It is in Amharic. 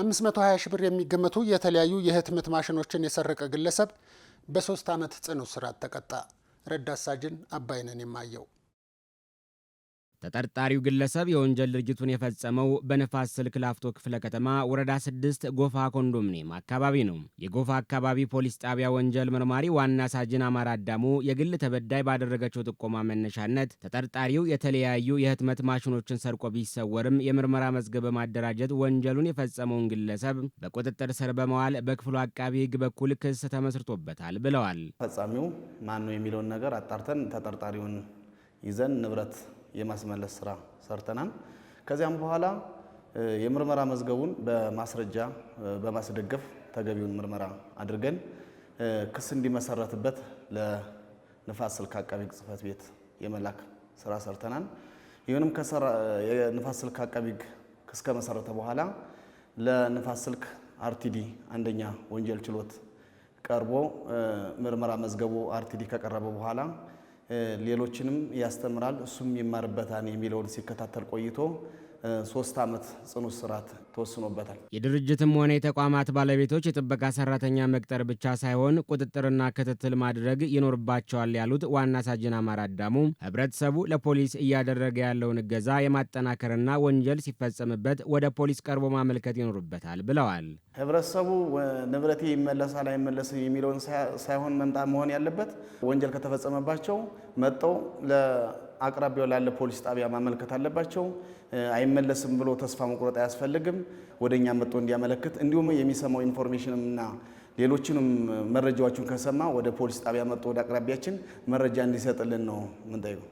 520 ሺህ ብር የሚገመቱ የተለያዩ የህትመት ማሽኖችን የሰረቀ ግለሰብ በሶስት ዓመት ጽኑ እስራት ተቀጣ። ረዳት ሳጅን አባይነን የማየው ተጠርጣሪው ግለሰብ የወንጀል ድርጊቱን የፈጸመው በንፋስ ስልክ ላፍቶ ክፍለ ከተማ ወረዳ ስድስት ጎፋ ኮንዶሚኒየም አካባቢ ነው። የጎፋ አካባቢ ፖሊስ ጣቢያ ወንጀል መርማሪ ዋና ሳጅን አማራ አዳሙ የግል ተበዳይ ባደረገችው ጥቆማ መነሻነት ተጠርጣሪው የተለያዩ የህትመት ማሽኖችን ሰርቆ ቢሰወርም የምርመራ መዝገብ በማደራጀት ወንጀሉን የፈጸመውን ግለሰብ በቁጥጥር ስር በመዋል በክፍሉ አቃቢ ህግ በኩል ክስ ተመስርቶበታል ብለዋል። ፈጻሚው ማን ነው የሚለውን ነገር አጣርተን ተጠርጣሪውን ይዘን ንብረት የማስመለስ ስራ ሰርተናል። ከዚያም በኋላ የምርመራ መዝገቡን በማስረጃ በማስደገፍ ተገቢውን ምርመራ አድርገን ክስ እንዲመሰረትበት ለንፋስ ስልክ አቃቢ ሕግ ጽሕፈት ቤት የመላክ ስራ ሰርተናል። ይሁንም የንፋስ ስልክ አቃቢ ሕግ ክስ ከመሰረተ በኋላ ለንፋስ ስልክ አርቲዲ አንደኛ ወንጀል ችሎት ቀርቦ ምርመራ መዝገቡ አርቲዲ ከቀረበ በኋላ ሌሎችንም ያስተምራል እሱም ይማርበታል የሚለውን ሲከታተል ቆይቶ ሶስት ዓመት ጽኑ እስራት ተወስኖበታል። የድርጅትም ሆነ የተቋማት ባለቤቶች የጥበቃ ሰራተኛ መቅጠር ብቻ ሳይሆን ቁጥጥርና ክትትል ማድረግ ይኖርባቸዋል ያሉት ዋና ሳጅን አማር አዳሙ ህብረተሰቡ ለፖሊስ እያደረገ ያለውን እገዛ የማጠናከርና ወንጀል ሲፈጸምበት ወደ ፖሊስ ቀርቦ ማመልከት ይኖርበታል ብለዋል። ህብረተሰቡ ንብረቴ ይመለሳል አይመለስ የሚለውን ሳይሆን መንጣ መሆን ያለበት ወንጀል ከተፈጸመባቸው መጠው አቅራቢያው ላለ ፖሊስ ጣቢያ ማመልከት አለባቸው። አይመለስም ብሎ ተስፋ መቁረጥ አያስፈልግም። ወደ እኛ መጥቶ እንዲያመለክት እንዲሁም የሚሰማው ኢንፎርሜሽንም እና ሌሎችንም መረጃዎችን ከሰማ ወደ ፖሊስ ጣቢያ መጥቶ ወደ አቅራቢያችን መረጃ እንዲሰጥልን ነው ምንጠይቁ